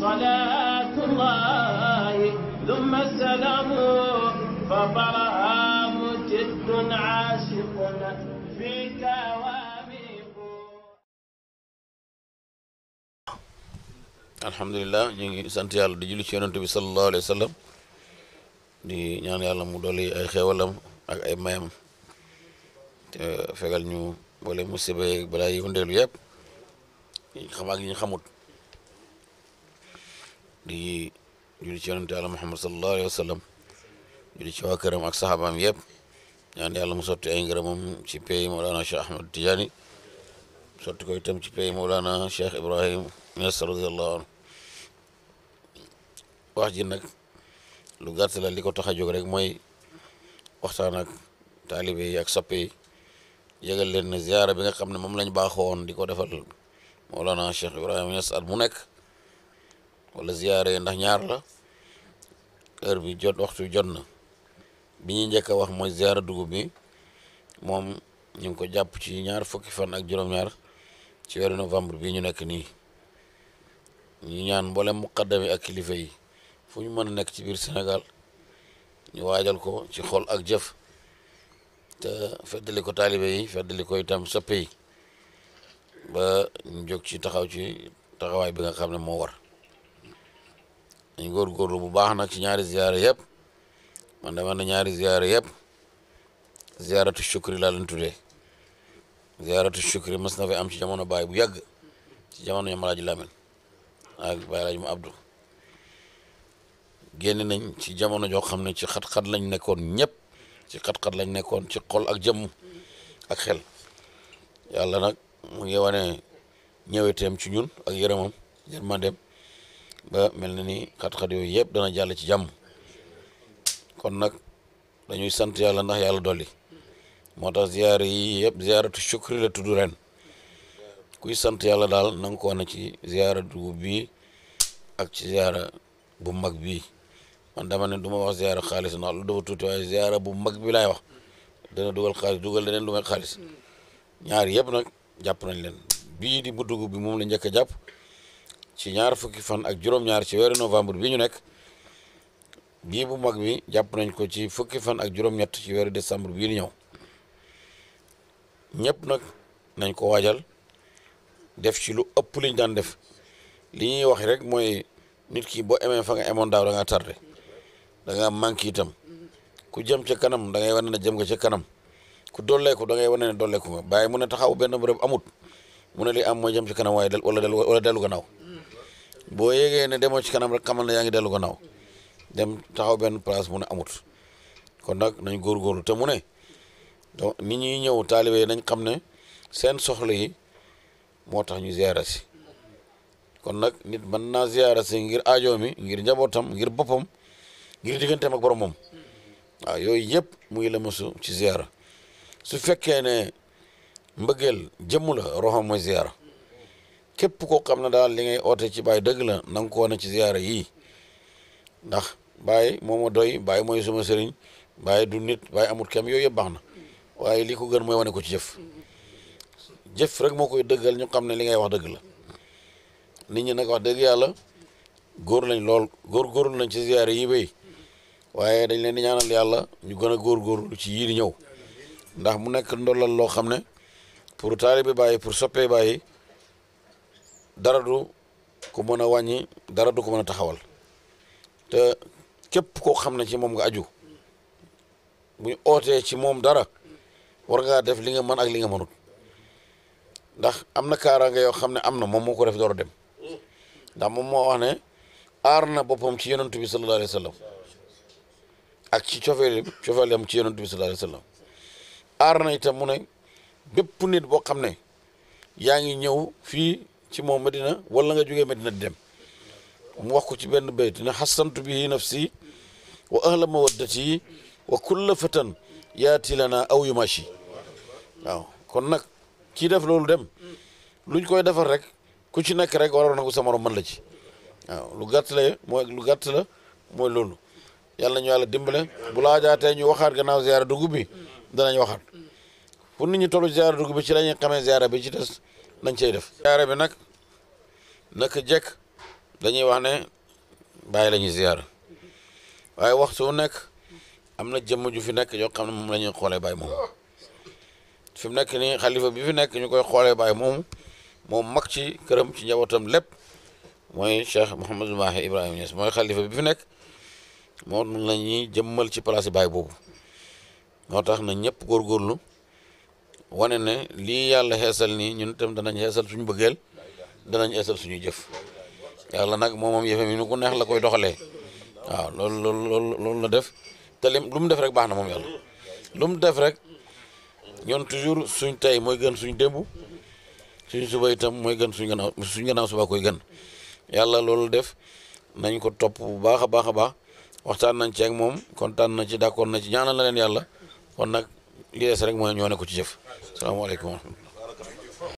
صلاة الله ثم السلام فبرهام جد عاشق فيك واميق الحمد لله ñu ngi sant yàlla di julli ci yonent bi sallallahu alayhi wa sallam di ñaan yàlla mu dolli ay xeewalam ak ay mayam te fegal ñu boole musiba balaa yi wëndeelu yëpp xamaa ak yi ñu xamut di julli ci yonente yàlla muhammad sallallahu alayhi wa sallam ak saxaabaam yëpp ñaan yàlla mu sotti ay ngërëmam ci pay Mawlana Cheikh Ahmad Tidiane sotti ko itam ci pay Mawlana Cheikh Ibrahim Niass radiyallahu anhu wax ji nag lu gàtt la li ko tax a rek mooy waxtaan ak taalibe yi ak soppe yi leen ne ziyaara bi nga xam ne moom lañ baaxoon di ko defal Mawlana Cheikh Ibrahim Niass at mu nekk wala ziyaare ndax ñaar la heure bi jot waxtu jot na bi ñuy njëkk a wax mooy ziyaara dugub bi moom ñu ngi ko jàpp ci ñaar fukki fan ak juróom-ñaar ci weeru novembre bi ñu nekk nii ñu ñaan mboolem muqaddam yi ak kilifa yi fu ñu mën a nekk ci biir Sénégal ñu waajal ko ci xol ak jëf te feddali ko taalibe yi feddali ko itam soppe yi ba ñu jóg ci taxaw ci taxawaay bi nga xam ne moo war dañ góorgóorlu bu baax nag ci ñaari ziyaara yëpp man dama ne ñaari ziyaara yëpp ziyaaratu shukri laa leen tuddee ziyaaratu shukri mas na fi am ci jamono baay bu yàgg ci jamono ñoom Alaaji Lamin ak Baay Alaaji mu Abdu génn nañ ci jamono joo xam ne ci xat-xat lañ nekkoon ñëpp ci xat-xat lañ nekkoon ci xol ak jëmm ak xel yàlla nag mu ngi wane ñëweteem ci ñun ak yërëmam yërmandeem ba mel na ni xat-xat yooyu yëpp dana jàll ci jàmm kon nag dañuy sant yàlla ndax yàlla dolli moo tax ziyaar yi yëpp ziyaaratu shukri la tudd ren kuy sant yàlla daal na nga ko wane ci ziyaara dugub bii ak ci ziyaara bu mag bii man dama ne du ma wax ziyaara xaalis ndax lu dafa tuuti waaye ziyaara bu mag bi laay wax dana dugal xaalis dugal leneen lu may xaalis ñaar yëpp nag jàpp nañ leen bii di bu dugub bi moom la njëkk a jàpp ci ñaar fukki fan ak juróom-ñaar ci weeru novembre bi ñu nekk bii mag bi jàpp nañ ko ci fukki fan ak juróom ci weeru décembre bii di ñëw ñëpp nag nañ ko waajal def ci lu ëpp liñ daan def li ñuy wax rek mooy nit ki boo emee fa nga emoon daaw da nga danga da nga itam ku jëm ca kanam da ngay wane ne jëm nga ca kanam ku dolleeku da ngay wane ne dolleeku nga bàyyi mu ne taxaw benn bërëb amut mu ne li am mooy jëm ci kanam waaye del wala del wala dellu gannaaw boo yéegee ne demoo ci kanam rek xamal ne yaa ngi dellu gannaaw dem taxaw benn place mu ne amut kon nag nañ góorgóorlu te mu ne donc nit ñuy ñëw taalibe yi nañ xam ne seen soxla yi moo tax ñu ziyaara si kon nag nit man naa ziyaara si ngir aajo mi ngir njabootam ngir boppam ngir digganteem ak borom moom waaw yooyu yëpp muy la mosu ci ziyaara su fekkee ne mbëggeel jëmula roxam mooy ziyaara képp koo xam na daal li ngay oote ci Baye dëgg la na nga ko wane ci ziyaara yii ndax Baye moo ma doy Baye mooy suma sëriñ Baye du nit Baye amut kem yooyu yëpp baax na waaye li ko gën mooy wane ko ci jëf jëf rek moo koy dëggal ñu xam ne li ngay wax dëgg la nit ñi nag wax dëgg yàlla góor lañ lool góor góorlu lañ ci ziyaara yi béy waaye dañ leen di ñaanal yàlla ñu gën a góor góorlu ci yii di ñëw ndax mu nekk ndollal loo xam ne pour taalibe Baye pour soppee Baye dara du ko mën a wàññi dara du ko mën a taxawal te képp koo xam ne ci moom nga aju bu ñu ootee ci moom dara war ngaa def li nga mën ak li nga mënut ndax am na kaaraange yoo xam ne am na moom moo ko def door dem ndax moom moo wax ne aar na boppam ci yonent bi sallallahu alayhi wa ak ci cofeelam cofeelam ci yonent bi sallallahu aar na itam mu ne bépp nit boo xam ne yaa ngi ñëw fii ci moom Medina walla nga jógee Medina di dem mu wax ko ci benn bayt ne xasantu bihi nafsi wa ahla mawaddati wa kulla fatan yaati lana aw yumashi waaw kon nag kii def loolu dem luñ koy defar rek ku ci nekk rek waroon na ko sa man la ci waaw lu gàtt la mooy lu gàtt la mooy loolu yàlla ñu yàlla dimbale bu laa laajaatee ñu waxaat gannaaw ziara dugub bi danañ waxaat fu nit ñi tollu ziara dugub ci la ñuy xamee bi ci des nañ cey def ziyaara bi nag naka jekk dañuy wax ne bàyyi la ñuy ziyaara waaye waxtu wu nekk am na jëmm ju fi nekk yoo xam ne moom lañuy ñuy xoolee bàyyi moom fi mu nekk nii xalifa bi fi nekk ñu koy xoolee bàyyi moom moom mag ci këram ci njabootam lépp mooy Cheikh Mouhamadou Mahi ibrahim Niass mooy xalifa bi fi nekk moo la ñuy jëmmal ci place baay boobu moo tax na ñëpp góorgóorlu wane ne lii yàlla xeesal nii ñun itam danañ xeesal suñu bëggeel danañ xeesal suñuy jëf yàlla nag moom moom yëfe mi nu ku neex la koy doxalee waaw loolu loolu loolu la def te lim lu mu def rek baax na moom yàlla lu mu def rek ñun toujours suñ tey mooy gën suñ démb suñ suba itam mooy gën suñ gannaaw suñ gannaaw suba koy gën yàlla loolu def nañ ko topp bu baax a baax a baax waxtaan nañ ci ak moom kontaan na ci d'accord na ci ñaanal na leen yàlla kon nag li des rek mooy ñoo ne ko ci jëf salaamaaleykum